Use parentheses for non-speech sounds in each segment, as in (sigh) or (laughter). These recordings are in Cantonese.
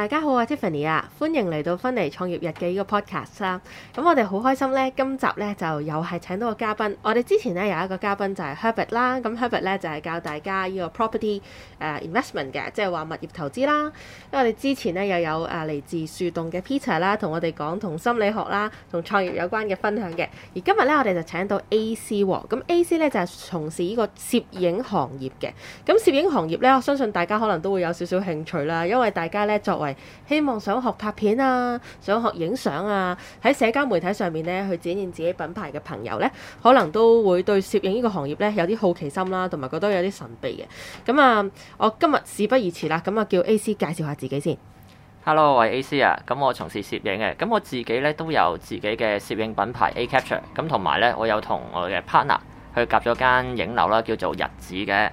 大家好啊，Tiffany 啊，歡迎嚟到芬尼創業日記呢個 podcast 啦。咁我哋好開心咧，今集咧就又係請到個嘉賓。我哋之前咧有一個嘉賓就係 Herbert 啦 Her，咁 Herbert 咧就係、是、教大家呢個 property 誒 investment 嘅，即係話物業投資啦。因為我哋之前咧又有誒嚟自樹洞嘅 Peter 啦，同我哋講同心理學啦、同創業有關嘅分享嘅。而今日咧我哋就請到 AC 喎，咁 AC 咧就係、是、從事呢個攝影行業嘅。咁攝影行業咧，我相信大家可能都會有少少興趣啦，因為大家咧作為希望想學拍片啊，想學影相啊，喺社交媒體上面咧去展現自己品牌嘅朋友咧，可能都會對攝影呢個行業咧有啲好奇心啦，同埋覺得有啲神秘嘅。咁啊，我今日事不宜遲啦，咁啊叫 AC 介紹下自己先。Hello，我係 AC 啊，咁我從事攝影嘅，咁我自己咧都有自己嘅攝影品牌 A Capture，咁同埋咧我有同我嘅 partner 去夾咗間影樓啦，叫做日子嘅。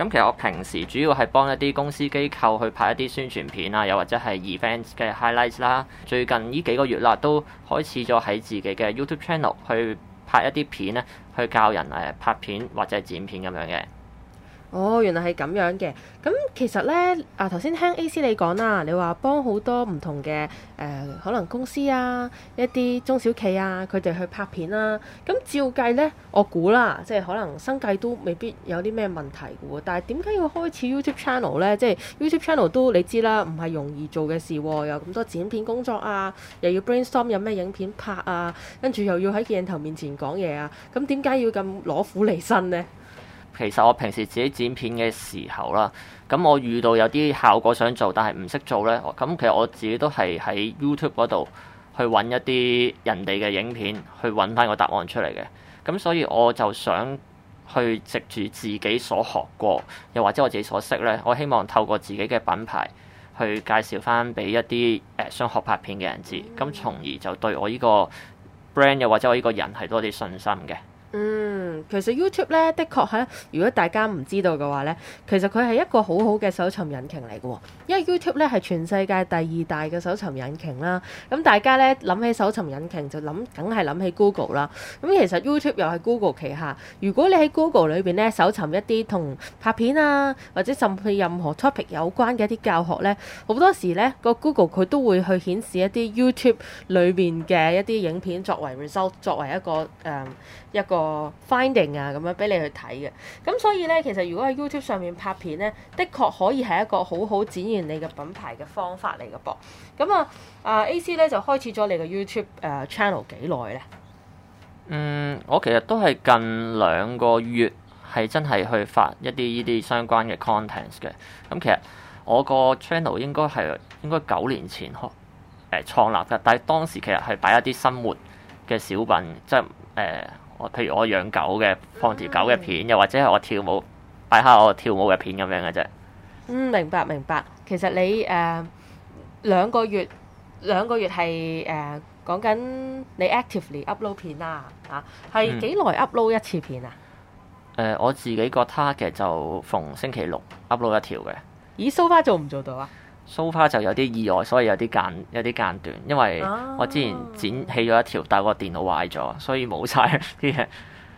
咁其實我平時主要係幫一啲公司機構去拍一啲宣傳片啊，又或者係 events 嘅 highlights 啦。最近呢幾個月啦，都開始咗喺自己嘅 YouTube channel 去拍一啲片咧，去教人誒拍片或者係剪片咁樣嘅。哦，原來係咁樣嘅。咁其實咧，啊頭先聽 AC 你講啦，你話幫好多唔同嘅誒、呃，可能公司啊一啲中小企啊，佢哋去拍片啦、啊。咁照計咧，我估啦，即係可能生計都未必有啲咩問題嘅喎。但係點解要開始 YouTube channel 咧？即係 YouTube channel 都你知啦，唔係容易做嘅事、啊，有咁多剪片工作啊，又要 brainstorm 有咩影片拍啊，跟住又要喺鏡頭面前講嘢啊。咁點解要咁攞苦嚟辛咧？其實我平時自己剪片嘅時候啦，咁我遇到有啲效果想做，但係唔識做咧，咁其實我自己都係喺 YouTube 度去揾一啲人哋嘅影片，去揾翻個答案出嚟嘅。咁所以我就想去藉住自己所學過，又或者我自己所識咧，我希望透過自己嘅品牌去介紹翻俾一啲誒想學拍片嘅人知，咁從而就對我呢個 brand 又或者我呢個人係多啲信心嘅。嗯。Mm. 其實 YouTube 咧，的確係，如果大家唔知道嘅話咧，其實佢係一個好好嘅搜尋引擎嚟嘅喎。因為 YouTube 咧係全世界第二大嘅搜尋引擎啦。咁大家咧諗起搜尋引擎就諗，梗係諗起 Google 啦。咁其實 YouTube 又係 Google 旗下。如果你喺 Google 裏邊咧搜尋一啲同拍片啊，或者甚至任何 topic 有關嘅一啲教學咧，好多時咧個 Google 佢都會去顯示一啲 YouTube 裏邊嘅一啲影片作為 result 作為一個誒、嗯、一個啊，咁樣俾你去睇嘅咁，所以咧其實如果喺 YouTube 上面拍片咧，的確可以係一個好好展現你嘅品牌嘅方法嚟嘅噃。咁啊，啊 A C 咧就開始咗你嘅 YouTube 誒 channel 幾耐咧？嗯，我其實都係近兩個月係真係去發一啲呢啲相關嘅 content 嘅。咁、嗯、其實我個 channel 應該係應該九年前開誒、呃、創立嘅，但係當時其實係擺一啲生活嘅小品即係誒。呃譬如我養狗嘅，放條、嗯、狗嘅片；又或者係我跳舞，擺下我跳舞嘅片咁樣嘅啫。嗯，明白明白。其實你誒兩、uh, 個月兩個月係誒講緊你 actively upload 片啦，吓係幾耐 upload 一次片啊？誒、嗯呃，我自己個 target 就逢星期六 upload 一條嘅。咦 So far 做唔做到啊？so far 就有啲意外，所以有啲間有啲間斷，因為我之前剪起咗一條，但係我電腦壞咗，所以冇晒啲嘢。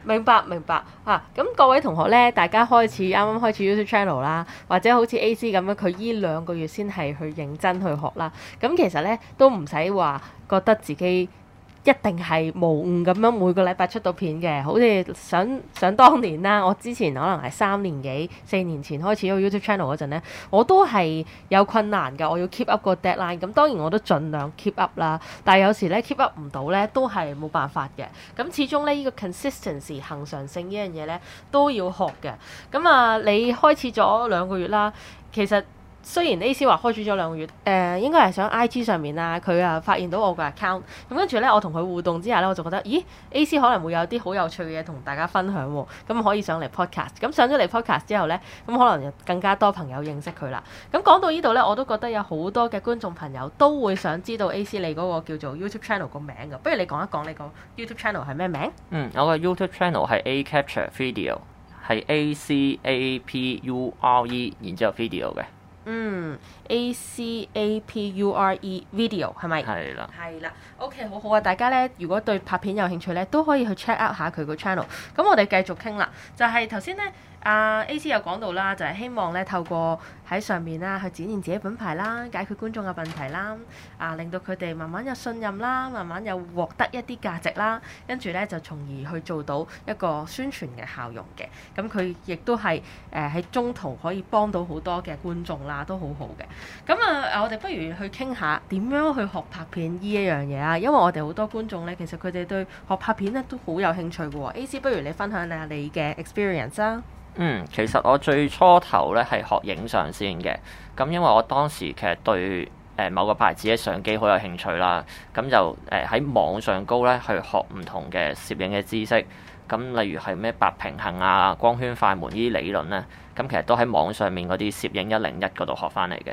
明白明白吓，咁、啊、各位同學咧，大家開始啱啱開始 YouTube channel 啦，或者好似 AC 咁樣，佢依兩個月先係去認真去學啦。咁其實咧都唔使話覺得自己一定係無誤咁樣每個禮拜出到片嘅，好似想想當年啦，我之前可能係三年幾四年前開始個 YouTube channel 嗰陣咧，我都係有困難嘅，我要 keep up 個 deadline。咁當然我都盡量 keep up 啦，但係有時咧 keep up 唔到咧，都係冇辦法嘅。咁始終咧呢個 consistency 恒常性呢樣嘢咧都要學嘅。咁啊，你開始咗兩個月啦，其實。雖然 A.C. 話開轉咗兩個月，誒、呃、應該係上 I.G. 上面啊，佢啊發現到我個 account，咁跟住咧我同佢互動之下咧，我就覺得咦 A.C. 可能會有啲好有趣嘅嘢同大家分享喎、哦，咁可以上嚟 podcast。咁上咗嚟 podcast 之後咧，咁可能更加多朋友認識佢啦。咁講到呢度咧，我都覺得有好多嘅觀眾朋友都會想知道 A.C. 你嗰個叫做 YouTube channel 個名㗎，不如你講一講你個 YouTube channel 係咩名？嗯，我個 YouTube channel 係 A Capture Video，係 A C A P U R E，然之後 video 嘅。嗯，A C A P U R E Video 係咪？係啦是了，係啦，OK，好好啊！大家咧，如果對拍片有興趣咧，都可以去 check out 下佢個 channel。咁我哋繼續傾啦，就係頭先咧。阿 A C 有講到啦，就係希望咧透過喺上面啦去展現自己品牌啦，解決觀眾嘅問題啦，啊令到佢哋慢慢有信任啦，慢慢又獲得一啲價值啦，跟住咧就從而去做到一個宣傳嘅效用嘅。咁佢亦都係誒喺中途可以幫到好多嘅觀眾啦，都好好嘅。咁啊，我哋不如去傾下點樣去學拍片呢一樣嘢啊，因為我哋好多觀眾咧，其實佢哋對學拍片咧都好有興趣嘅，啊。A C 不如你分享下你嘅 experience 啊。嗯，其實我最初頭咧係學影相先嘅，咁因為我當時其實對誒某個牌子嘅相機好有興趣啦，咁就誒喺網上高咧去學唔同嘅攝影嘅知識，咁例如係咩白平衡啊、光圈、快門呢啲理論咧，咁其實都喺網上面嗰啲攝影一零一嗰度學翻嚟嘅。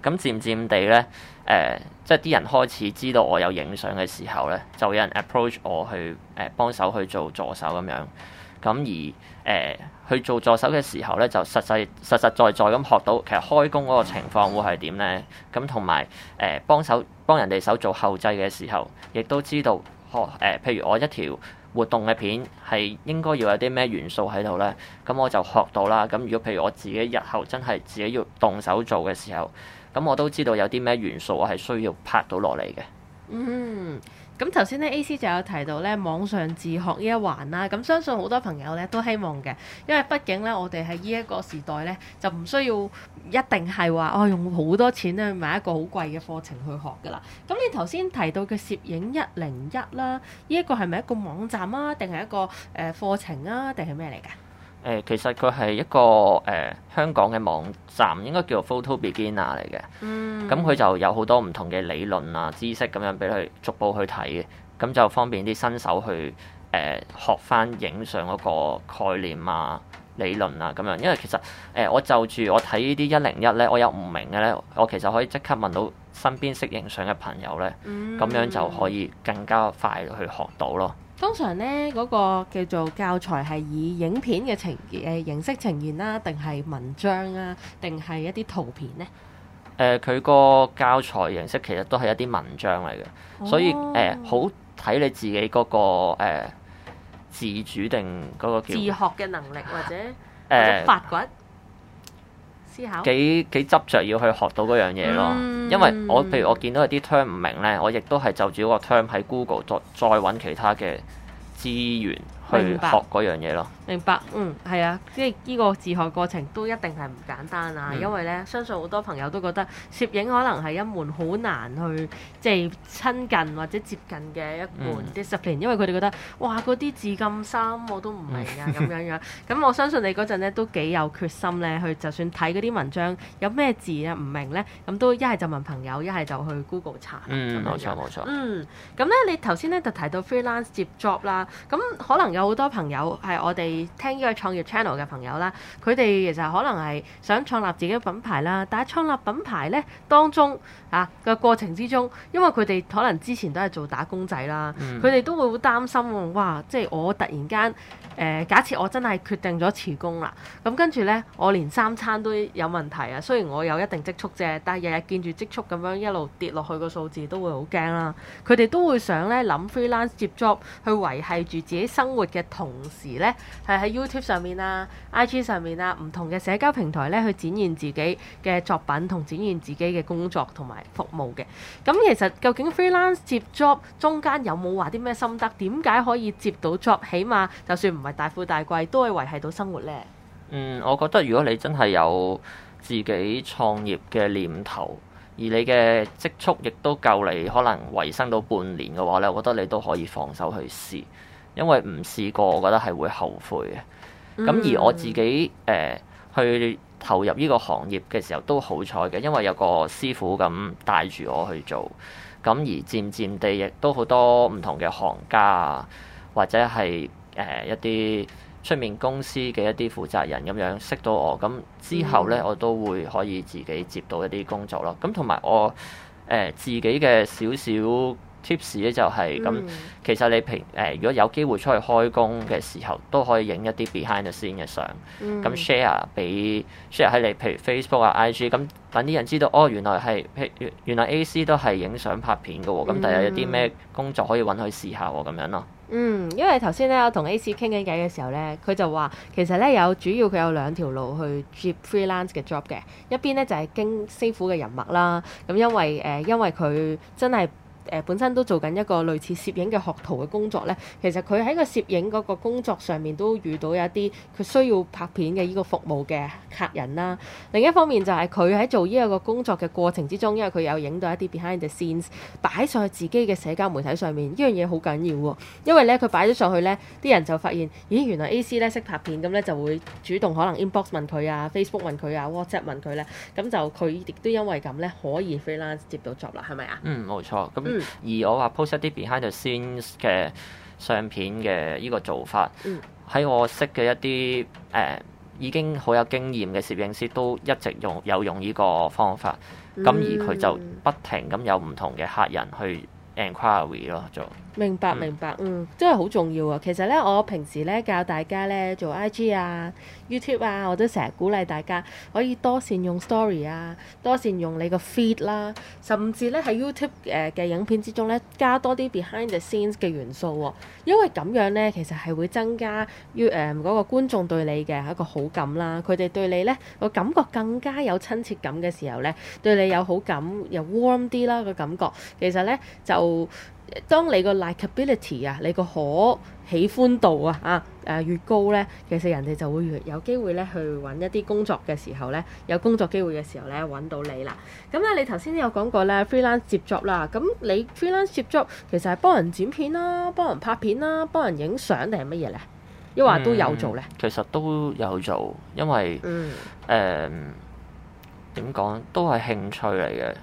咁漸漸地咧，誒、呃、即係啲人開始知道我有影相嘅時候咧，就有人 approach 我去誒、呃、幫手去做助手咁樣。咁而誒、呃、去做助手嘅時候咧，就實際實實在在咁學到，其實開工嗰個情況會係點咧？咁同埋誒幫手幫人哋手做後製嘅時候，亦都知道學誒、呃，譬如我一條活動嘅片係應該要有啲咩元素喺度咧，咁我就學到啦。咁如果譬如我自己日後真係自己要動手做嘅時候，咁我都知道有啲咩元素我係需要拍到落嚟嘅。嗯。咁頭先咧，AC 就有提到咧網上自學呢一環啦。咁相信好多朋友咧都希望嘅，因為畢竟咧我哋喺呢一個時代咧就唔需要一定係話哦用好多錢咧買一個好貴嘅課程去學㗎啦。咁你頭先提到嘅攝影一零一啦，呢、這、一個係咪一個網站啊，定係一個誒、呃、課程啊，定係咩嚟㗎？誒，其實佢係一個誒、呃、香港嘅網站，應該叫做 Photo Beginner 嚟嘅。嗯。咁佢就有好多唔同嘅理論啊、知識咁樣俾佢逐步去睇嘅，咁就方便啲新手去誒、呃、學翻影相嗰個概念啊、理論啊咁樣。因為其實誒、呃、我就住我睇呢啲一零一咧，我有唔明嘅咧，我其實可以即刻問到身邊識影相嘅朋友咧。嗯。咁樣就可以更加快去學到咯。通常咧嗰、那個叫做教材係以影片嘅情誒、呃、形式呈現啦、啊，定係文章啊，定係一啲圖片咧？誒、呃，佢個教材形式其實都係一啲文章嚟嘅，所以誒、哦呃、好睇你自己嗰、那個誒、呃、自主定嗰個叫自學嘅能力或者誒發掘、呃。幾幾執着要去學到嗰樣嘢咯，因為我，譬如我見到有啲 term 唔明咧，我亦都係就住個 term 喺 Google 再再揾其他嘅資源去學嗰樣嘢咯。明白，嗯，係啊，即係呢個自學過程都一定係唔簡單啊，嗯、因為咧，相信好多朋友都覺得攝影可能係一門好難去即係親近或者接近嘅一門 discipline、嗯、因為佢哋覺得，哇，嗰啲字咁深，我都唔明啊，咁、嗯、樣樣，咁我相信你嗰陣咧都幾有決心咧，去就算睇嗰啲文章，有咩字啊唔明咧，咁都一係就問朋友，一係就去 Google 查。嗯，冇錯冇錯，錯，嗯，咁咧你頭先咧就提到 freelance 接 job 啦，咁可能有好多朋友係我哋。聽呢個創業 channel 嘅朋友啦，佢哋其實可能係想創立自己嘅品牌啦。但係創立品牌呢，當中啊個過程之中，因為佢哋可能之前都係做打工仔啦，佢哋、嗯、都會好擔心喎、啊。哇！即係我突然間誒、呃，假設我真係決定咗辭工啦，咁、嗯、跟住呢，我連三餐都有問題啊。雖然我有一定積蓄啫，但係日日見住積蓄咁樣一路跌落去個數字，都會好驚啦。佢哋都會想呢，諗 freelance 接 job 去維繫住自己生活嘅同時呢。係喺 YouTube 上面啊、IG 上面啊、唔同嘅社交平台咧，去展現自己嘅作品同展現自己嘅工作同埋服務嘅。咁其實究竟 freelance 接 job 中間有冇話啲咩心得？點解可以接到 job？起碼就算唔係大富大貴，都係維繫到生活呢？嗯，我覺得如果你真係有自己創業嘅念頭，而你嘅積蓄亦都夠你可能維生到半年嘅話咧，我覺得你都可以放手去試。因為唔試過，我覺得係會後悔嘅。咁而我自己誒、呃、去投入呢個行業嘅時候，都好彩嘅，因為有個師傅咁帶住我去做。咁而漸漸地，亦都好多唔同嘅行家啊，或者係誒、呃、一啲出面公司嘅一啲負責人咁樣識到我。咁之後呢，我都會可以自己接到一啲工作咯。咁同埋我誒、呃、自己嘅少少。tips 咧就係、是、咁，嗯、其實你平誒、呃，如果有機會出去開工嘅時候，都可以影一啲 behind the scene 嘅相，咁 share 俾 share 喺你，譬如 Facebook 啊、IG 咁，等啲人知道哦，原來係原原來 A C 都係影相拍片嘅喎。咁、嗯、第日有啲咩工作可以揾佢試下咁樣咯。嗯，因為頭先咧，我同 A C 傾緊偈嘅時候咧，佢就話其實咧有主要佢有兩條路去接 freelance 嘅 job 嘅一邊咧就係、是、經師傅嘅人脈啦。咁因為誒、呃，因為佢真係。誒本身都做緊一個類似攝影嘅學徒嘅工作咧，其實佢喺個攝影嗰個工作上面都遇到一啲佢需要拍片嘅呢個服務嘅客人啦。另一方面就係佢喺做呢個個工作嘅過程之中，因為佢有影到一啲 behind the scenes 擺上去自己嘅社交媒體上面，呢樣嘢好緊要喎、哦。因為咧佢擺咗上去咧，啲人就發現，咦，原來 AC 咧識拍片，咁咧就會主動可能 inbox 問佢啊，Facebook 問佢啊，WhatsApp 問佢咧，咁就佢亦都因為咁咧可以 freelance 接到 job 啦，係咪啊？嗯，冇錯，而我話 post 一啲 behind the scenes 嘅相片嘅呢個做法，喺、嗯、我識嘅一啲誒、uh, 已經好有經驗嘅攝影師都一直用有用呢個方法，咁、嗯、而佢就不停咁有唔同嘅客人去 enquiry 咯，做。明白，明白，嗯，真係好重要啊！其實咧，我平時咧教大家咧做 IG 啊、YouTube 啊，我都成日鼓勵大家可以多善用 Story 啊，多善用你個 Feed 啦、啊，甚至咧喺 YouTube 誒嘅、呃、影片之中咧加多啲 behind the scenes 嘅元素喎、啊，因為咁樣咧，其實係會增加 YouTube 誒嗰個觀眾對你嘅一個好感啦。佢哋對你咧、個感覺更加有親切感嘅時候咧，對你有好感又 warm 啲啦、個感覺，其實咧就～當你個 likability 啊，你個可喜歡度啊，啊誒越高咧，其實人哋就會越有機會咧，去揾一啲工作嘅時候咧，有工作機會嘅時候咧，揾到你啦。咁、嗯、咧，你頭先都有講過咧，freelance 接觸啦。咁、啊、你 freelance 接觸其實係幫人剪片啦、啊，幫人拍片啦、啊，幫人影相定係乜嘢咧？抑話都有做咧、嗯。其實都有做，因為誒點講都係興趣嚟嘅。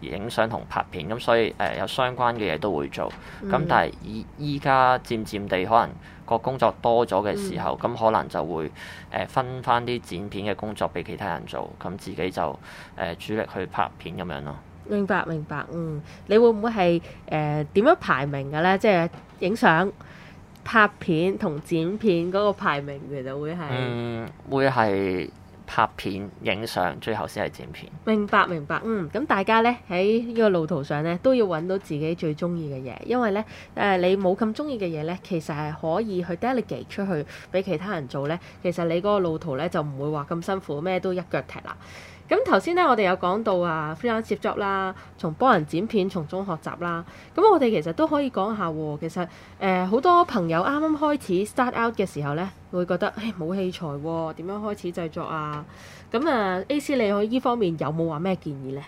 影相同拍片，咁所以誒、呃，有相關嘅嘢都會做，咁、嗯、但係而依家漸漸地可能個工作多咗嘅時候，咁、嗯、可能就會誒、呃、分翻啲剪片嘅工作俾其他人做，咁自己就誒、呃、主力去拍片咁樣咯。明白明白，嗯，你會唔會係誒點樣排名嘅咧？即係影相、拍片同剪片嗰個排名其實，、嗯、會係嗯會係。拍片、影相，最後先係剪片。明白，明白。嗯，咁大家呢，喺呢個路途上呢，都要揾到自己最中意嘅嘢，因為呢，誒、呃、你冇咁中意嘅嘢呢，其實係可以去 delegate 出去俾其他人做呢。其實你嗰個路途呢，就唔會話咁辛苦，咩都一腳踢啦。咁頭先咧，我哋有講到啊 freelance job 啦，從幫人剪片從中學習啦。咁我哋其實都可以講下喎、啊。其實誒好、呃、多朋友啱啱開始 start out 嘅時候咧，會覺得誒冇器材點、啊、樣開始製作啊。咁啊，A C 你喺依方面有冇話咩建議呢？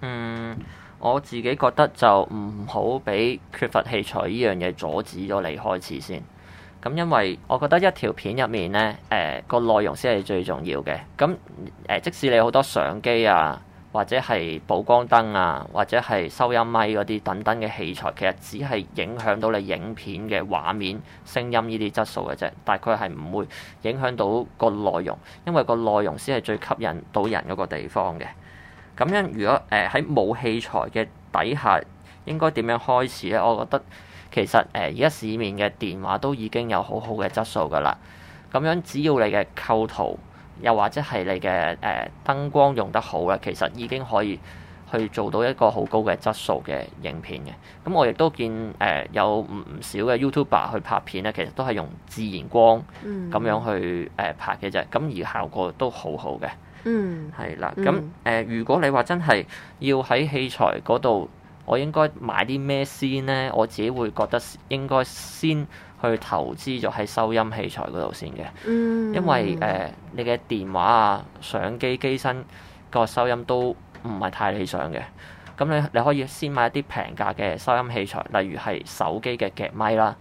嗯，我自己覺得就唔好俾缺乏器材呢樣嘢阻止咗你開始先。咁因為我覺得一條片入面咧，誒個內容先係最重要嘅。咁誒、呃，即使你好多相機啊，或者係曝光燈啊，或者係收音咪嗰啲等等嘅器材，其實只係影響到你影片嘅畫面、聲音呢啲質素嘅啫。但係佢係唔會影響到個內容，因為個內容先係最吸引到人嗰個地方嘅。咁樣如果誒喺冇器材嘅底下，應該點樣開始咧？我覺得。其實誒而家市面嘅電話都已經有好好嘅質素噶啦，咁樣只要你嘅構圖，又或者係你嘅誒、呃、燈光用得好啦，其實已經可以去做到一個好高嘅質素嘅影片嘅。咁我亦都見誒、呃、有唔唔少嘅 YouTuber 去拍片咧，其實都係用自然光咁樣去誒拍嘅啫，咁而效果都好好嘅。嗯，係啦。咁誒、嗯呃，如果你話真係要喺器材嗰度。我應該買啲咩先呢？我自己會覺得應該先去投資咗喺收音器材嗰度先嘅，嗯、因為誒、呃、你嘅電話啊、相機機身個收音都唔係太理想嘅。咁咧你，你可以先買一啲平價嘅收音器材，例如係手機嘅夾咪啦，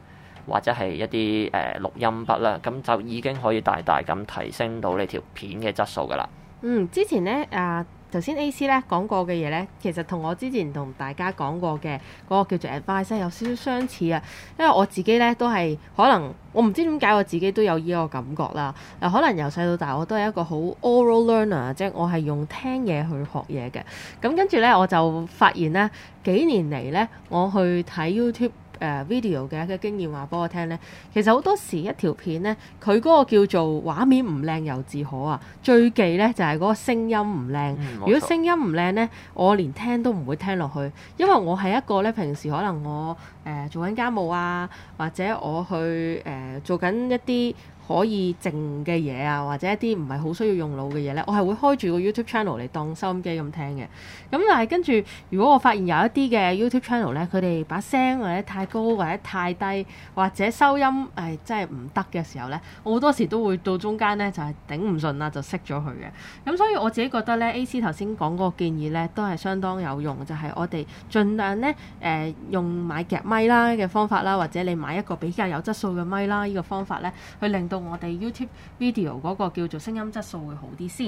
或者係一啲誒、呃、錄音筆啦，咁就已經可以大大咁提升到你條片嘅質素㗎啦。嗯，之前咧啊～頭先 AC 咧講過嘅嘢咧，其實同我之前同大家講過嘅嗰個叫做 advice 咧有少少相似啊。因為我自己咧都係可能我唔知點解我自己都有呢個感覺啦。嗱，可能由細到大我都係一個好 oral learner，即係我係用聽嘢去學嘢嘅。咁跟住咧我就發現咧幾年嚟咧，我去睇 YouTube。誒、uh, video 嘅一個經驗話俾我聽咧，其實好多時一條片咧，佢嗰個叫做畫面唔靚猶自可啊，最忌咧就係、是、嗰個聲音唔靚。嗯、如果聲音唔靚咧，我連聽都唔會聽落去，因為我係一個咧，平時可能我誒、呃、做緊家務啊，或者我去誒、呃、做緊一啲，可以靜嘅嘢啊，或者一啲唔係好需要用腦嘅嘢呢。我係會開住個 YouTube channel 嚟當收音機咁聽嘅。咁但係跟住，如果我發現有一啲嘅 YouTube channel 呢，佢哋把聲或者太高或者太低，或者收音誒真係唔得嘅時候呢，我好多時都會到中間呢，就係、是、頂唔順啦，就熄咗佢嘅。咁所以我自己覺得呢，AC 頭先講嗰個建議呢，都係相當有用，就係、是、我哋盡量呢，誒、呃、用買夾咪啦嘅方法啦，或者你買一個比較有質素嘅咪啦，呢個方法呢，去令到。我哋 YouTube video 嗰個叫做聲音質素會好啲先。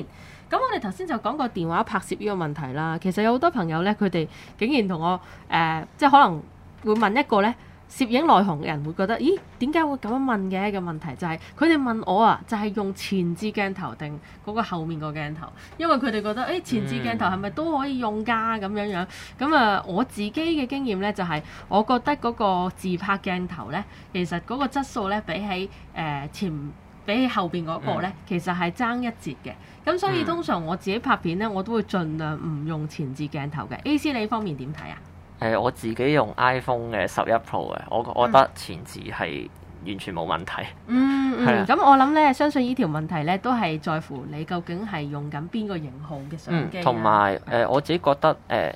咁我哋頭先就講過電話拍攝呢個問題啦。其實有好多朋友咧，佢哋竟然同我誒、呃，即係可能會問一個咧。攝影內行嘅人會覺得，咦？點解會咁樣問嘅？一個問題就係佢哋問我啊，就係、是、用前置鏡頭定嗰個後面個鏡頭，因為佢哋覺得，誒、欸，前置鏡頭係咪都可以用㗎、啊、咁樣樣？咁啊、呃，我自己嘅經驗呢，就係、是、我覺得嗰個自拍鏡頭呢，其實嗰個質素呢，比起誒、呃、前，比起後邊嗰個呢，其實係爭一截嘅。咁所以通常我自己拍片呢，我都會盡量唔用前置鏡頭嘅。嗯、A C 你方面點睇啊？誒我自己用 iPhone 嘅十一 Pro 嘅，我我覺得前置係完全冇問題。嗯嗯，咁我諗咧，相信依條問題咧都係在乎你究竟係用緊邊個型號嘅相機。同埋誒我自己覺得誒，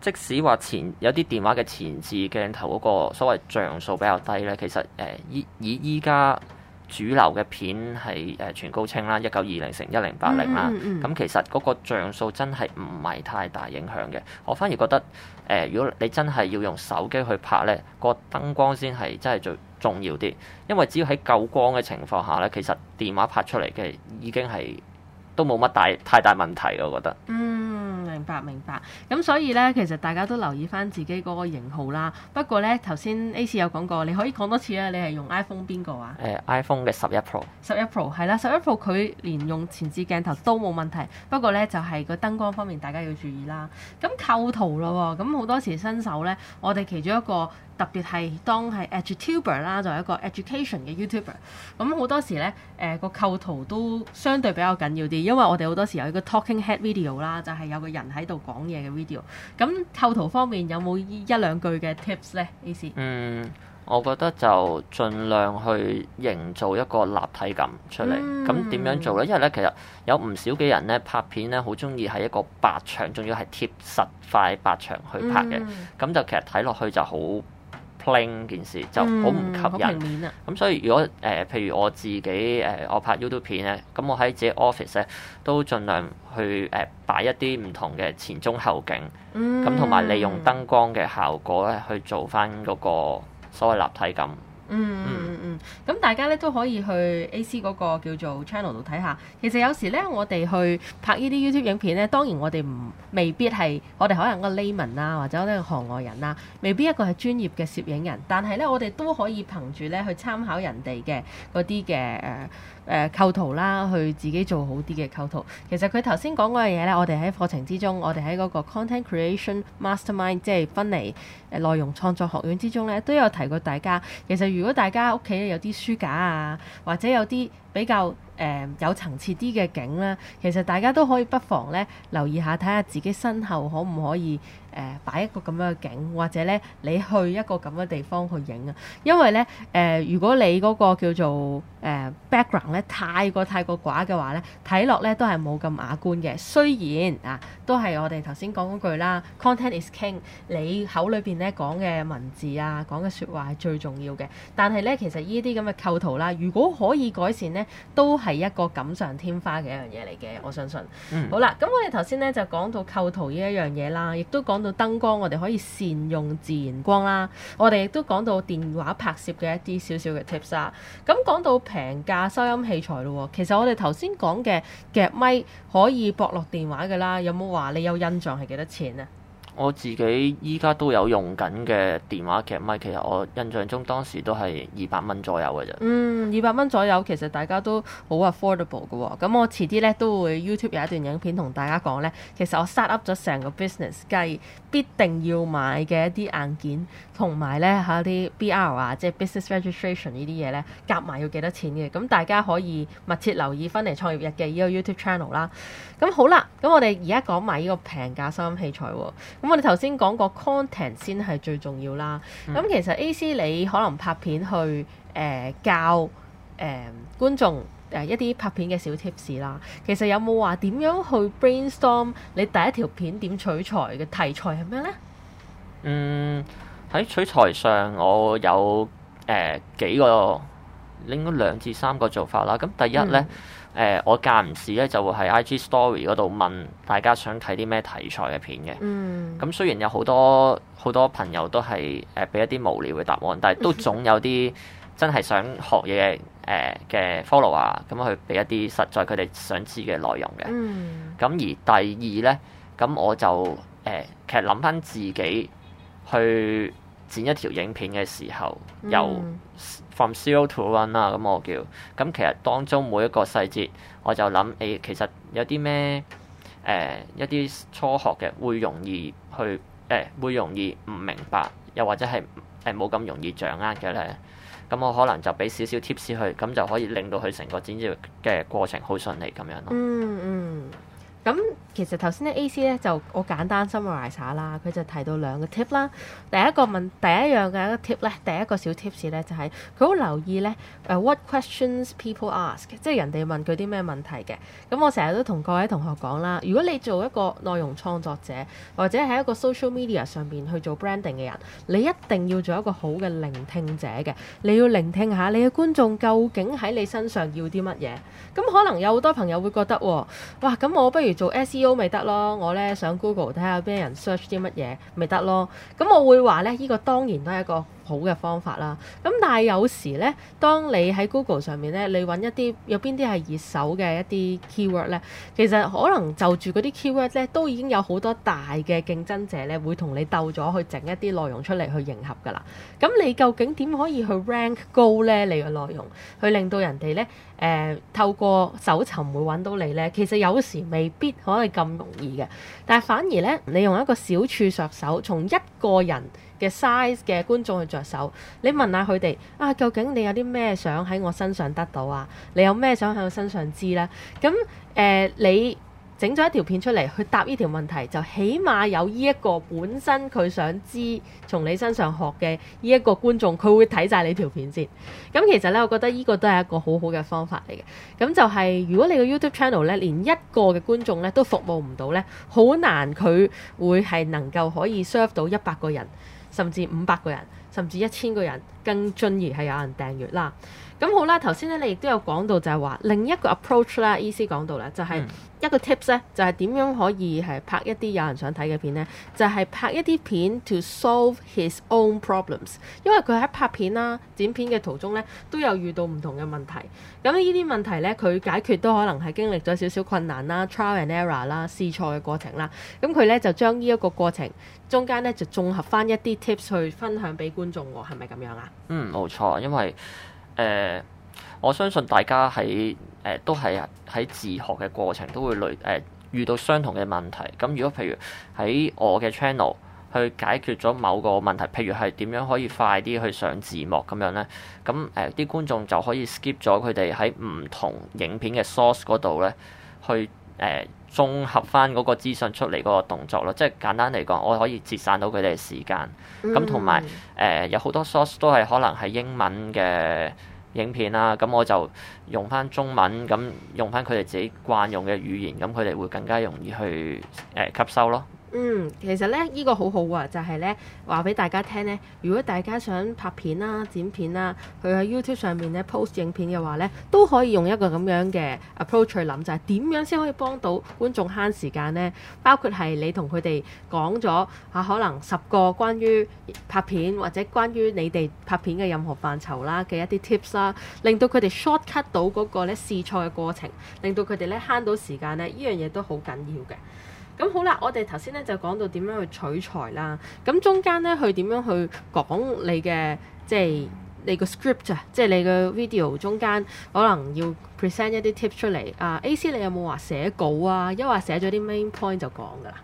即使話前有啲電話嘅前置鏡頭嗰個所謂像素比較低咧，其實誒依以依家。主流嘅片係誒全高清啦，一九二零乘一零八零啦，咁、hmm. 其實嗰個像素真係唔係太大影響嘅。我反而覺得誒、呃，如果你真係要用手機去拍咧，個燈光先係真係最重要啲。因為只要喺夠光嘅情況下咧，其實電話拍出嚟嘅已經係都冇乜大太大問題，我覺得。Mm hmm. 明白明白，咁所以呢，其實大家都留意翻自己嗰個型號啦。不過呢，頭先 A 市有講過，你可以講多次啦。你係用 iPhone 邊個啊？誒、呃、iPhone 嘅十一 Pro。十一 Pro 係啦，十一 Pro 佢連用前置鏡頭都冇問題。不過呢，就係、是、個燈光方面，大家要注意啦。咁構圖咯，咁好多時新手呢，我哋其中一個。特別係當係 edutuber 啦，就係、是、一個 education 嘅 YouTuber。咁好多時咧，誒、呃、個構圖都相對比較緊要啲，因為我哋好多時候有一個 talking head video 啦，就係有個人喺度講嘢嘅 video。咁構圖方面有冇一兩句嘅 tips 咧意思？嗯，我覺得就盡量去營造一個立體感出嚟。咁點、嗯、樣做咧？因為咧其實有唔少嘅人咧拍片咧，好中意係一個白牆，仲要係貼實塊白牆去拍嘅。咁、嗯、就其實睇落去就好。plan 件事就好唔吸引、嗯，咁、啊、所以如果誒、呃、譬如我自己誒、呃、我拍 YouTube 片咧，咁我喺自己 office 咧，都盡量去誒擺、呃、一啲唔同嘅前中後景，咁同埋利用燈光嘅效果咧，去做翻嗰個所謂立體感。嗯嗯嗯，咁、嗯嗯嗯嗯、大家咧都可以去 AC 嗰個叫做 channel 度睇下。其實有時咧，我哋去拍呢啲 YouTube 影片咧，當然我哋唔未必係我哋可能嗰個 layman 啦，或者我哋行外人啦，未必一個係專業嘅攝影人。但係咧，我哋都可以憑住咧去參考人哋嘅嗰啲嘅誒。誒、呃、構圖啦，去自己做好啲嘅構圖。其實佢頭先講嗰樣嘢咧，我哋喺課程之中，我哋喺嗰個 Content Creation Mastermind，即係分離內容創作學院之中咧，都有提過大家。其實如果大家屋企有啲書架啊，或者有啲比較誒、呃、有層次啲嘅景啦，其實大家都可以不妨咧留意下，睇下自己身後可唔可以。誒、呃、擺一個咁樣嘅景，或者咧你去一個咁嘅地方去影啊，因為咧誒、呃，如果你嗰個叫做誒、呃、background 咧，太過太過寡嘅話咧，睇落咧都係冇咁雅觀嘅。雖然啊，都係我哋頭先講嗰句啦，content is king，你口裏邊咧講嘅文字啊，講嘅説話係最重要嘅。但係咧，其實呢啲咁嘅構圖啦，如果可以改善咧，都係一個錦上添花嘅一樣嘢嚟嘅。我相信。嗯。好啦，咁我哋頭先咧就講到構圖呢一樣嘢啦，亦都講到燈光，我哋可以善用自然光啦。我哋亦都講到電話拍攝嘅一啲少少嘅 tips 啦。咁講到平價收音器材咯，其實我哋頭先講嘅夾咪可以駁落電話噶啦。有冇話你有印象係幾多錢啊？我自己依家都有用緊嘅電話劇咪，其實我印象中當時都係二百蚊左右嘅啫。嗯，二百蚊左右，其實大家都好 affordable 嘅喎。咁我遲啲咧都會 YouTube 有一段影片同大家講咧，其實我 set up 咗成個 business 計，必定要買嘅一啲硬件。同埋咧，吓啲 BR 啊，即係 business registration 呢啲嘢咧，夾埋要幾多錢嘅？咁大家可以密切留意返嚟創業日嘅呢個 YouTube channel 啦。咁好啦，咁我哋而家講埋呢個平價收音器材，哦。咁我哋頭先講過 content 先係最重要啦。咁、嗯、其實 AC 你可能拍片去誒、呃、教誒、呃、觀眾誒、呃、一啲拍片嘅小 tips 啦。其實有冇話點樣去 brainstorm 你第一條片點取材嘅題材係咩咧？嗯。喺取材上，我有誒、呃、幾個應該兩至三個做法啦。咁第一咧，誒、嗯呃、我間唔時咧就會喺 I G Story 嗰度問大家想睇啲咩題材嘅片嘅。咁、嗯、雖然有好多好多朋友都係誒俾一啲無聊嘅答案，但係都總有啲真係想學嘢誒嘅 follower 啊，咁去俾一啲實在佢哋想知嘅內容嘅。咁、嗯、而第二咧，咁我就誒、呃、其實諗返自己去剪一條影片嘅時候，由 from zero to one 啦，咁我叫咁，其實當中每一個細節，我就諗誒、欸，其實有啲咩誒一啲初學嘅會容易去誒、欸，會容易唔明白，又或者係誒冇咁容易掌握嘅咧，咁我可能就俾少少 tips 去，咁就可以令到佢成個剪接嘅過程好順利咁樣咯、嗯。嗯嗯，咁。其實頭先咧 A.C. 咧就我簡單 summarize 下啦，佢就提到兩個 tip 啦。第一個問第一樣嘅一個 tip 咧，第一個小 tips 咧就係佢好留意咧，誒、uh, what questions people ask，即係人哋問佢啲咩問題嘅。咁我成日都同各位同學講啦，如果你做一個內容創作者，或者喺一個 social media 上邊去做 branding 嘅人，你一定要做一個好嘅聆聽者嘅。你要聆聽下你嘅觀眾究竟喺你身上要啲乜嘢。咁可能有好多朋友會覺得、啊，哇，咁我不如做 S.E. O，咪得咯！我咧上 Google 睇下邊人 search 啲乜嘢，咪得咯。咁我會話咧，依、這個當然都係一個。好嘅方法啦，咁但係有時咧，當你喺 Google 上面咧，你揾一啲有邊啲係熱搜嘅一啲 keyword 咧，其實可能就住嗰啲 keyword 咧，都已經有好多大嘅競爭者咧，會同你鬥咗去整一啲內容出嚟去迎合噶啦。咁你究竟點可以去 rank 高咧？你嘅內容去令到人哋咧，誒、呃、透過搜尋會揾到你咧？其實有時未必可能咁容易嘅，但係反而咧，你用一個小處着手，從一個人。嘅 size 嘅觀眾去着手，你問下佢哋啊，「究竟你有啲咩想喺我身上得到啊？你有咩想喺我身上知呢？」咁、呃、誒，你整咗一條片出嚟去答呢條問題，就起碼有呢一個本身佢想知從你身上學嘅呢一個觀眾，佢會睇晒你條片先。咁其實呢，我覺得呢個都係一個好好嘅方法嚟嘅。咁就係、是、如果你個 YouTube channel 呢連一個嘅觀眾呢都服務唔到呢，好難佢會係能夠可以 serve 到一百個人。甚至五百個人，甚至一千個人，更進而係有人訂閱啦。咁好啦，頭先咧，你亦都有講到，就係話另一個 approach 啦。AC 講到啦，就係一個 tips 咧，就係點樣可以係拍一啲有人想睇嘅片呢？就係、是、拍一啲片 to solve his own problems，因為佢喺拍片啦、剪片嘅途中呢，都有遇到唔同嘅問題。咁呢啲問題呢，佢解決都可能係經歷咗少少困難啦、trial and error 啦、試錯嘅過程啦。咁佢呢，就將呢一個過程中間呢，就綜合翻一啲 tips 去分享俾觀眾，喔，係咪咁樣啊？嗯，冇錯，因為。誒、呃，我相信大家喺誒、呃、都係喺自學嘅過程都會累誒、呃、遇到相同嘅問題。咁如果譬如喺我嘅 channel 去解決咗某個問題，譬如係點樣可以快啲去上字幕咁樣咧，咁誒啲觀眾就可以 skip 咗佢哋喺唔同影片嘅 source 嗰度咧去誒。呃綜合翻嗰個資訊出嚟嗰個動作咯，即係簡單嚟講，我可以節省到佢哋時間。咁同埋誒有好、呃、多 source 都係可能係英文嘅影片啦，咁我就用翻中文，咁用翻佢哋自己慣用嘅語言，咁佢哋會更加容易去誒、呃、吸收咯。嗯，其實咧，呢、這個好好啊，就係咧話俾大家聽咧，如果大家想拍片啦、啊、剪片啦、啊，佢喺 YouTube 上面咧 post 影片嘅話咧，都可以用一個咁樣嘅 approach 去諗，就係、是、點樣先可以幫到觀眾慳時間咧？包括係你同佢哋講咗啊，可能十個關於拍片或者關於你哋拍片嘅任何範疇啦嘅一啲 tips 啦、啊，令到佢哋 shortcut 到嗰個咧試錯嘅過程，令到佢哋咧慳到時間咧，呢樣嘢都好緊要嘅。咁好啦，我哋頭先咧就講到點樣去取材啦。咁中間咧，佢點樣去講你嘅，即係你個 script 啊，即係你嘅 video 中間，可能要 present 一啲 tip 出嚟。啊，A.C. 你有冇話寫稿啊？一話寫咗啲 main point 就講噶啦。誒、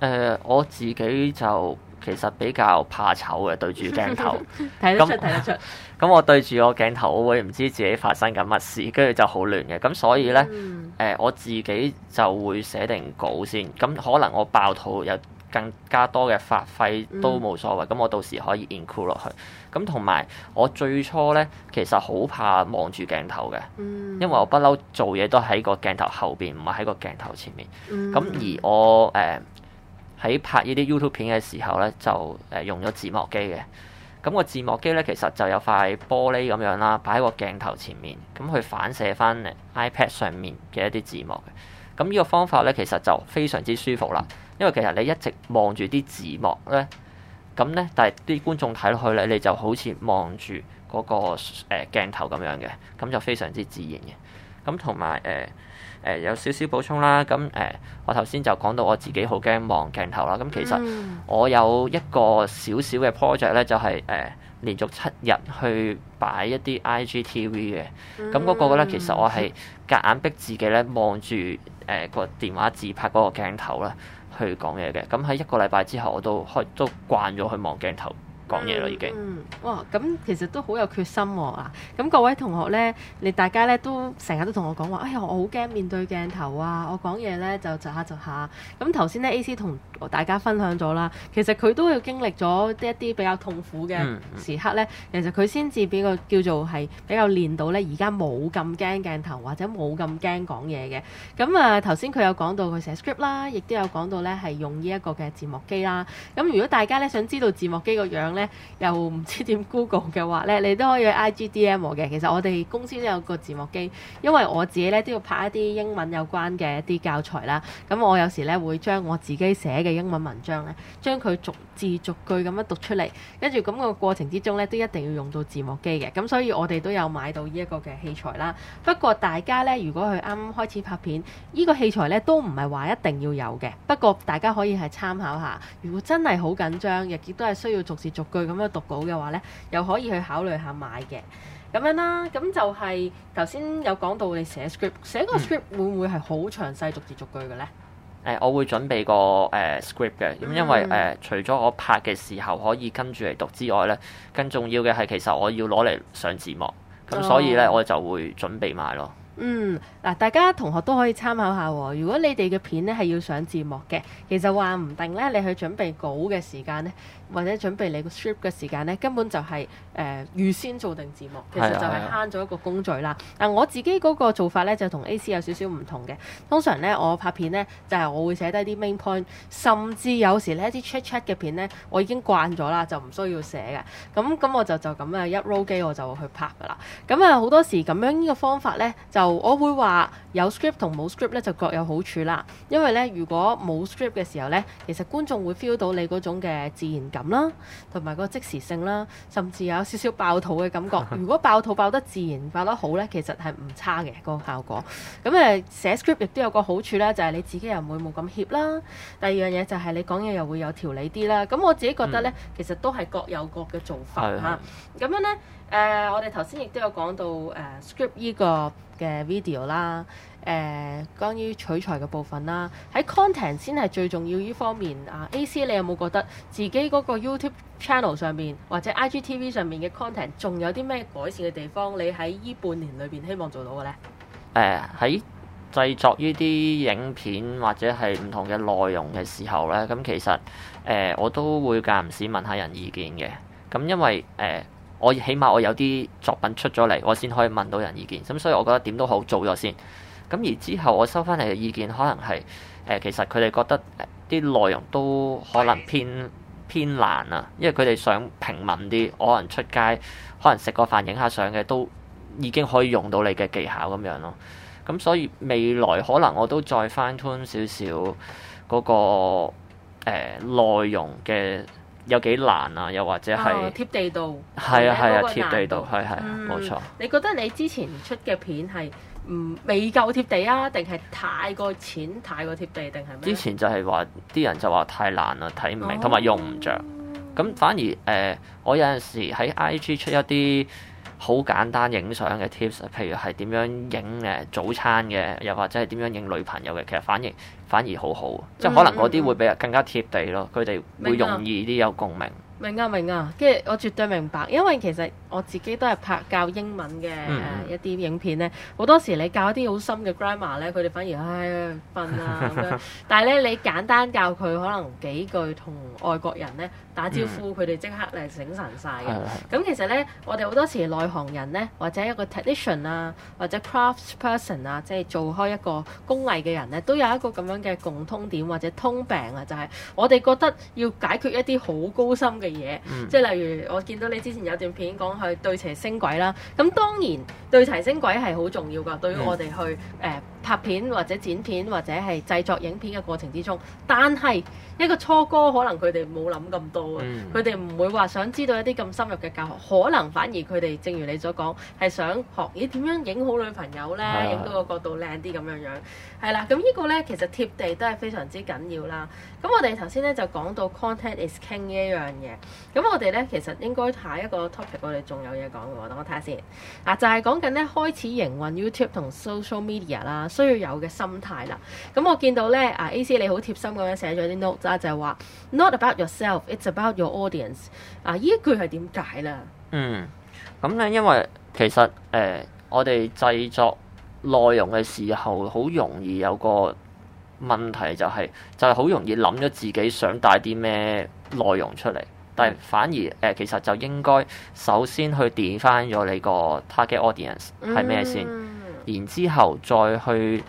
呃，我自己就～其實比較怕醜嘅，對住鏡頭睇 (laughs) 得出，睇那得出。咁 (laughs) 我對住個鏡頭，我會唔知自己發生緊乜事，跟住就好亂嘅。咁所以咧，誒、嗯呃、我自己就會寫定稿先。咁可能我爆肚有更加多嘅發揮都冇所謂。咁、嗯、我到時可以 include 落去。咁同埋我最初咧，其實好怕望住鏡頭嘅，嗯、因為我不嬲做嘢都喺個鏡頭後邊，唔係喺個鏡頭前面。咁、嗯嗯、而我誒。嗯喺拍呢啲 YouTube 片嘅時候咧，就誒用咗字幕機嘅。咁個字幕機咧，其實就有塊玻璃咁樣啦，擺喺個鏡頭前面，咁去反射翻 iPad 上面嘅一啲字幕嘅。咁呢個方法咧，其實就非常之舒服啦。因為其實你一直望住啲字幕咧，咁咧，但係啲觀眾睇落去咧，你就好似望住嗰個誒鏡頭咁樣嘅，咁就非常之自然嘅。咁同埋誒。呃誒、呃、有少少補充啦，咁、呃、誒我頭先就講到我自己好驚望鏡頭啦，咁其實我有一個少少嘅 project 咧，就係、是、誒、呃、連續七日去擺一啲 IGTV 嘅，咁嗰個咧其實我係夾硬逼自己咧望住誒個電話自拍嗰個鏡頭啦去講嘢嘅，咁喺一個禮拜之後我都開都慣咗去望鏡頭。講嘢咯，已經嗯。嗯，哇，咁其實都好有決心喎、啊，嗱，咁各位同學呢，你大家呢都成日都同我講話，哎呀，我好驚面對鏡頭啊，我講嘢呢就窒下窒下。咁頭先呢 AC 同大家分享咗啦，其實佢都要經歷咗一啲比較痛苦嘅時刻呢。嗯嗯、其實佢先至畀個叫做係比較練到呢，而家冇咁驚鏡頭或者冇咁驚講嘢嘅。咁啊，頭先佢有講到佢寫 script 啦，亦都有講到呢係用呢一個嘅字幕機啦。咁如果大家呢想知道字幕機個樣，咧又唔知點 Google 嘅話咧，你都可以 IGDM 我嘅。其實我哋公司都有個字幕機，因為我自己咧都要拍一啲英文有關嘅一啲教材啦。咁我有時咧會將我自己寫嘅英文文章咧，將佢逐字逐句咁樣讀出嚟，跟住咁個過程之中咧，都一定要用到字幕機嘅。咁所以我哋都有買到呢一個嘅器材啦。不過大家咧，如果佢啱啱開始拍片，呢個器材咧都唔係話一定要有嘅。不過大家可以係參考下。如果真係好緊張，亦都係需要逐字逐句咁樣讀稿嘅話咧，又可以去考慮下買嘅咁樣啦。咁就係頭先有講到你寫 script，寫會唔會，你寫 script 寫個 script 會唔會係好詳細逐字逐句嘅咧？誒，我會準備個誒 script 嘅咁，因為誒、呃、除咗我拍嘅時候可以跟住嚟讀之外咧，更重要嘅係其實我要攞嚟上字幕，咁所以咧、哦、我就會準備埋咯。嗯，嗱，大家同學都可以參考下喎。如果你哋嘅片咧係要上字幕嘅，其實話唔定咧，你去準備稿嘅時間咧，或者準備你嘅 script 嘅時間咧，根本就係、是、誒、呃、預先做定字幕，其實就係慳咗一個工序啦。嗱、 (music) 嗯，我自己嗰個做法咧就同 AC 有少少唔同嘅。通常咧我拍片咧就係、是、我會寫低啲 main point，甚至有時呢一啲 chat chat 嘅片咧，我已經慣咗啦，就唔需要寫嘅。咁咁我就就咁啊一 roll 機我就去拍㗎啦。咁啊好多時咁樣呢個方法咧就～就我會話有 script 同冇 script 咧，就各有好處啦。因為咧，如果冇 script 嘅時候咧，其實觀眾會 feel 到你嗰種嘅自然感啦，同埋個即時性啦，甚至有少少爆肚嘅感覺。如果爆肚爆得自然，爆得好咧，其實係唔差嘅個效果。咁誒寫 script 亦都有個好處啦，就係你自己又唔會冇咁怯啦。第二樣嘢就係你講嘢又會有條理啲啦。咁我自己覺得咧，嗯、其實都係各有各嘅做法嚇。咁樣咧，誒、呃、我哋頭先亦都有講到誒、呃、script 呢個嘅 video 啦，誒、呃、關於取材嘅部分啦，喺 content 先係最重要呢方面啊。AC 你有冇覺得自己嗰個 YouTube channel 上面，或者 IGTV 上面嘅 content 仲有啲咩改善嘅地方？你喺依半年裏邊希望做到嘅呢？誒喺、呃、製作呢啲影片或者係唔同嘅內容嘅時候呢，咁其實誒、呃、我都會間唔時問下人意見嘅，咁因為誒。呃我起碼我有啲作品出咗嚟，我先可以問到人意見。咁所以我覺得點都好，做咗先。咁而之後我收翻嚟嘅意見，可能係誒、呃，其實佢哋覺得啲內容都可能偏偏難啊，因為佢哋想平民啲，我可能出街，可能食個飯影下相嘅，都已經可以用到你嘅技巧咁樣咯、啊。咁所以未來可能我都再 fine-tune 少少嗰、那個誒內、呃、容嘅。有幾難啊？又或者係、啊、貼地的的度，係啊係啊貼地度，係係冇錯。你覺得你之前出嘅片係唔未夠貼地啊？定係太過淺、太過貼地定係咩？之前就係話啲人就話太難啦，睇唔明同埋、哦、用唔着。咁反而誒、呃，我有陣時喺 IG 出一啲好簡單影相嘅 tips，譬如係點樣影誒早餐嘅，又或者係點樣影女朋友嘅，其實反而反而好好，即係可能啲會比較更加貼地咯，佢哋會容易啲有共鳴。明啊明啊，跟住我絕對明白，因為其實我自己都係拍教英文嘅誒一啲影片咧。好、嗯、多時你教一啲好深嘅 grammar 咧，佢哋反而唉瞓啊，咁 (laughs) 樣，但係咧，你簡單教佢可能幾句同外國人咧打招呼，佢哋即刻誒醒神晒嘅。咁、嗯、其實咧，我哋好多時內行人咧，或者一個 technician 啊，或者 craft person 啊，即係做開一個工藝嘅人咧，都有一個咁樣嘅共通點或者通病啊，就係、是、我哋覺得要解決一啲好高深。嘅嘢，嗯、即係例如我見到你之前有段片講去對齊星軌啦，咁當然對齊星軌係好重要噶，對於我哋去誒，呃拍片或者剪片或者係製作影片嘅過程之中，但係一個初哥可能佢哋冇諗咁多啊，佢哋唔會話想知道一啲咁深入嘅教學，可能反而佢哋正如你所講，係想學咦點樣影好女朋友咧，影到個角度靚啲咁樣樣，係啦，咁呢個咧其實貼地都係非常之緊要啦。咁我哋頭先咧就講到 content is king 呢一樣嘢，咁我哋咧其實應該下一個 topic 我哋仲有嘢講嘅，等我睇下先嗱，啊，就係講緊咧開始營運 YouTube 同 social media 啦。需要有嘅心態啦，咁我見到咧啊，AC 你好貼心咁樣寫咗啲 note 啦，就係話 not about yourself，it's about your audience。啊，依一句係點解呢？嗯，咁咧因為其實誒、呃、我哋製作內容嘅時候，好容易有個問題，就係就係好容易諗咗自己想帶啲咩內容出嚟，但係反而誒、呃、其實就應該首先去點翻咗你個 target audience 係咩、嗯、先。然之後再去誒、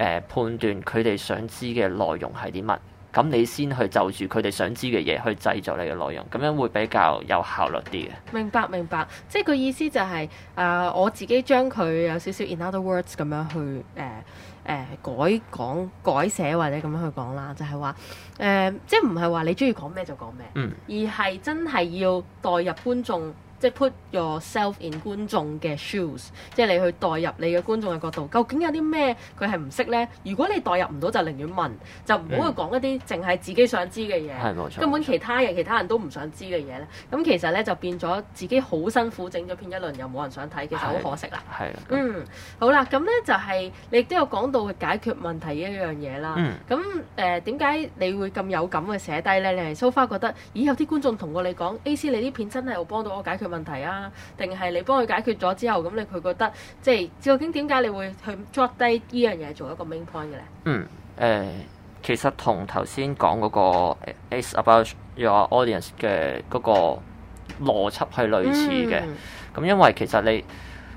呃、判斷佢哋想知嘅內容係啲乜，咁你先去就住佢哋想知嘅嘢去製作你嘅內容，咁樣會比較有效率啲嘅。明白明白，即係佢意思就係、是、啊、呃，我自己將佢有少少 in other words 咁樣去誒誒、呃呃、改講改寫或者咁樣去講啦，就係話誒，即係唔係話你中意講咩就講咩，嗯，而係真係要代入觀眾。即係 put yourself in 觀眾嘅 shoes，即係你去代入你嘅觀眾嘅角度，究竟有啲咩佢係唔識咧？如果你代入唔到，就寧願問，就唔好去講一啲淨係自己想知嘅嘢，嗯、根本其他人、嗯、其他人都唔想知嘅嘢咧。咁其實咧就變咗自己好辛苦整咗片一輪又冇人想睇，其實好可惜啦。係。嗯，嗯好啦，咁咧就係你亦都有講到解決問題一樣嘢啦。嗯。咁誒點解你會咁有感嘅寫低咧？你係 so far 覺得，咦，咦有啲觀眾同過你講 A C 你啲片真係有幫到我解決問。問題啊？定係你幫佢解決咗之後，咁你佢覺得即係究竟點解你會去抓低呢樣嘢做一個 main point 嘅咧？嗯，誒、呃，其實同頭先講嗰個 it's about your audience 嘅嗰個邏輯係類似嘅。咁、嗯、因為其實你。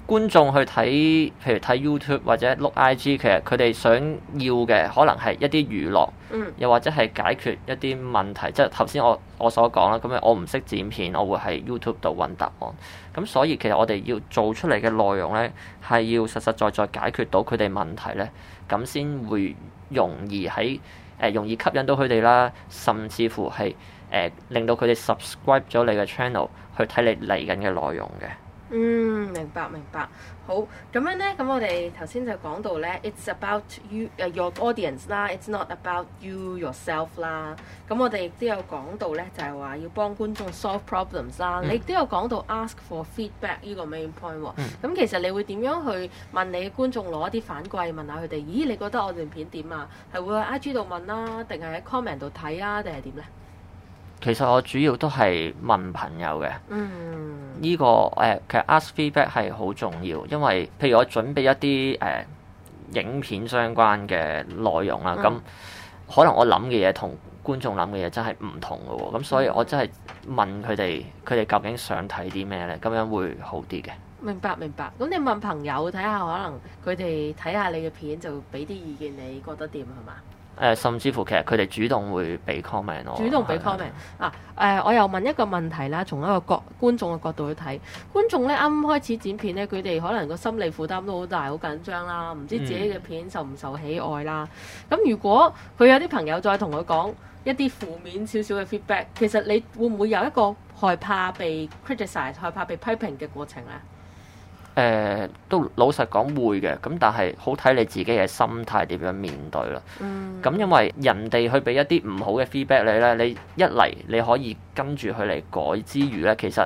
觀眾去睇，譬如睇 YouTube 或者碌 IG，其實佢哋想要嘅可能係一啲娛樂，又或者係解決一啲問題。即係頭先我我所講啦，咁啊我唔識剪片，我會喺 YouTube 度揾答案。咁所以其實我哋要做出嚟嘅內容咧，係要實實在在在解決到佢哋問題咧，咁先會容易喺誒、呃、容易吸引到佢哋啦，甚至乎係誒、呃、令到佢哋 subscribe 咗你嘅 channel 去睇你嚟緊嘅內容嘅。嗯，明白明白，好咁樣咧，咁我哋頭先就講到咧，it's about you，誒，your audience 啦，it's not about you yourself 啦。咁我哋亦都有講到咧，就係話要幫觀眾 solve problems 啦。你亦都有講到 ask for feedback 呢個 main point 喎。咁其實你會點樣去問你嘅觀眾攞一啲反饋？問下佢哋，咦，你覺得我段片點啊？係會喺 IG 度問啦，定係喺 comment 度睇啊，定係點咧？其實我主要都係問朋友嘅，呢、嗯呢個誒、呃、其實 ask feedback 係好重要，因為譬如我準備一啲誒、呃、影片相關嘅內容啦、啊，咁、嗯、可能我諗嘅嘢同觀眾諗嘅嘢真係唔同嘅喎、啊，咁所以我真係問佢哋，佢哋究竟想睇啲咩咧？咁樣會好啲嘅。明白明白，咁你問朋友睇下，可能佢哋睇下你嘅片就俾啲意見，你覺得點係嘛？誒、呃，甚至乎其實佢哋主動會俾 comment 咯，主動俾 comment 嗱誒是的、啊呃，我又問一個問題啦，從一個角觀眾嘅角度去睇，觀眾咧啱啱開始剪片咧，佢哋可能個心理負擔都好大，好緊張啦，唔知自己嘅片受唔受喜愛啦。咁、嗯、如果佢有啲朋友再同佢講一啲負面少少嘅 feedback，其實你會唔會有一個害怕被 criticize、害怕被批評嘅過程咧？誒、呃、都老實講會嘅，咁但係好睇你自己嘅心態點樣面對啦。咁、嗯、因為人哋去俾一啲唔好嘅 feedback 你咧，你一嚟你可以跟住佢嚟改之餘咧，其實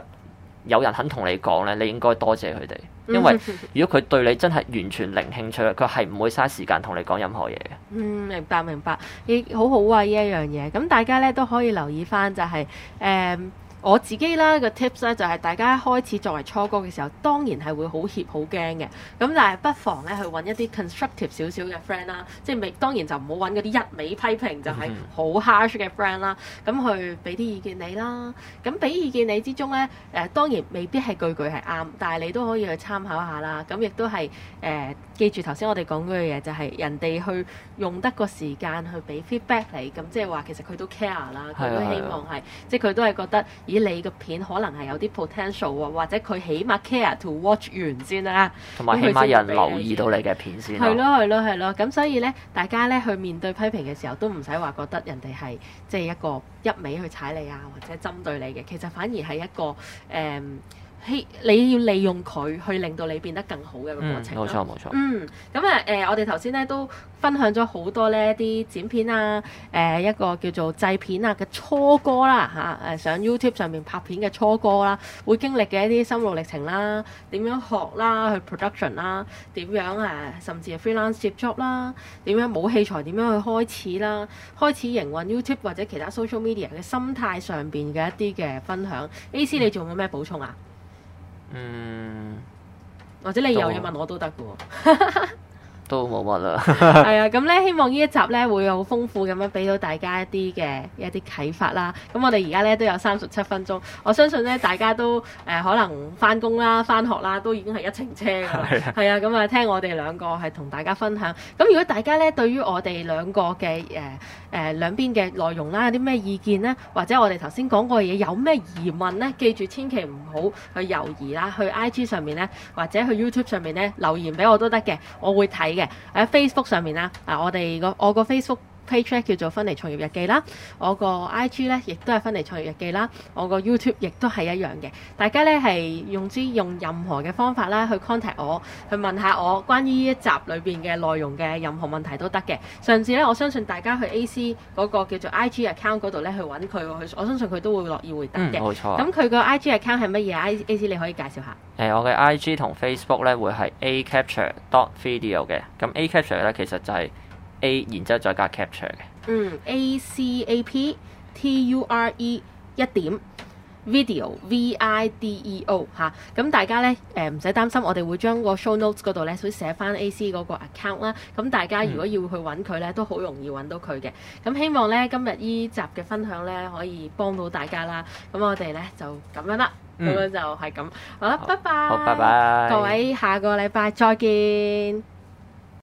有人肯同你講咧，你應該多謝佢哋，因為如果佢對你真係完全零興趣，佢係唔會嘥時間同你講任何嘢嘅。嗯，明白明白，亦好好啊呢一樣嘢。咁大家咧都可以留意翻就係、是、誒。呃我自己啦、那個 tips 咧就係大家開始作為初哥嘅時候，當然係會好怯、好驚嘅。咁但係不妨咧去揾一啲 constructive 少少嘅 friend 啦，即係未當然就唔好揾嗰啲一味批評就係好 harsh 嘅 friend 啦。咁去俾啲意見你啦。咁俾意見你之中咧，誒、呃、當然未必係句句係啱，但係你都可以去參考下啦。咁亦都係誒、呃、記住頭先我哋講嗰嘢，就係、是、人哋去用得個時間去俾 feedback 你，咁即係話其實佢都 care 啦，佢都希望係對、啊、即係佢都係覺得。以你個片可能係有啲 potential 或者佢起碼 care to watch 完先啦、啊，同埋起碼有人留意到你嘅片先、啊嗯。係咯係咯係咯，咁、嗯嗯嗯嗯嗯、所以咧，大家咧去面對批評嘅時候都唔使話覺得人哋係即係一個一味去踩你啊，或者針對你嘅，其實反而係一個誒。嗯你要利用佢去令到你變得更好嘅一個過程冇、嗯、錯，冇錯。嗯，咁啊，誒、呃，我哋頭先咧都分享咗好多呢一啲剪片啊，誒、呃、一個叫做製片啊嘅初哥啦、啊、嚇，誒、啊、上 YouTube 上面拍片嘅初哥啦、啊，會經歷嘅一啲心路歷程啦、啊，點樣學啦、啊，去 production 啦、啊，點樣誒、啊，甚至 freelance 接 job 啦、啊，點樣冇器材點樣去開始啦、啊，開始營運 YouTube 或者其他 social media 嘅心態上邊嘅一啲嘅分享。嗯、AC 你仲有咩補充啊？嗯，或者你有嘢問，問我都得嘅喎， (laughs) 都冇乜啦。係啊，咁咧希望呢一集咧會好豐富咁樣，俾到大家一啲嘅一啲啟發啦。咁我哋而家咧都有三十七分鐘，我相信咧大家都誒、呃、可能翻工啦、翻學啦都已經係一程車啦。係是啊，啊，咁啊聽我哋兩個係同大家分享。咁如果大家咧對於我哋兩個嘅誒，呃誒、呃、兩邊嘅內容啦，有啲咩意見呢？或者我哋頭先講過嘅嘢有咩疑問呢？記住千祈唔好去猶疑啦，去 IG 上面呢，或者去 YouTube 上面呢留言俾我都得嘅，我會睇嘅。喺 Facebook 上面啦，啊我哋個我個 Facebook。page 叫做分離創業日記啦，我個 i g 咧亦都係分離創業日記啦，我個 youtube 亦都係一樣嘅。大家咧係用之用任何嘅方法啦，去 contact 我，去問下我關於呢一集裏邊嘅內容嘅任何問題都得嘅。上次咧，我相信大家去 a c 嗰個叫做 i g account 嗰度咧去揾佢，我我相信佢都會樂意回答嘅。冇、嗯、錯、啊，咁佢個 i g account 係乜嘢？a a c 你可以介紹下誒、呃，我嘅 i g 同 facebook 咧會係 a capture dot video 嘅，咁 a capture 咧其實就係、是。A，然之後再加 capture 嘅。嗯。A C A P T U R E 一點 video，V I D E O 吓、啊，咁大家咧誒唔使擔心，我哋會將個 show notes 嗰度咧會寫翻 A C 嗰個 account 啦。咁、啊、大家如果要去揾佢咧，都好容易揾到佢嘅。咁、啊、希望咧今日依集嘅分享咧可以幫到大家啦。咁我哋咧就咁樣啦，咁、嗯、樣就係咁。好啦，拜拜好。拜拜 bye。Bye bye。各位，下個禮拜再見。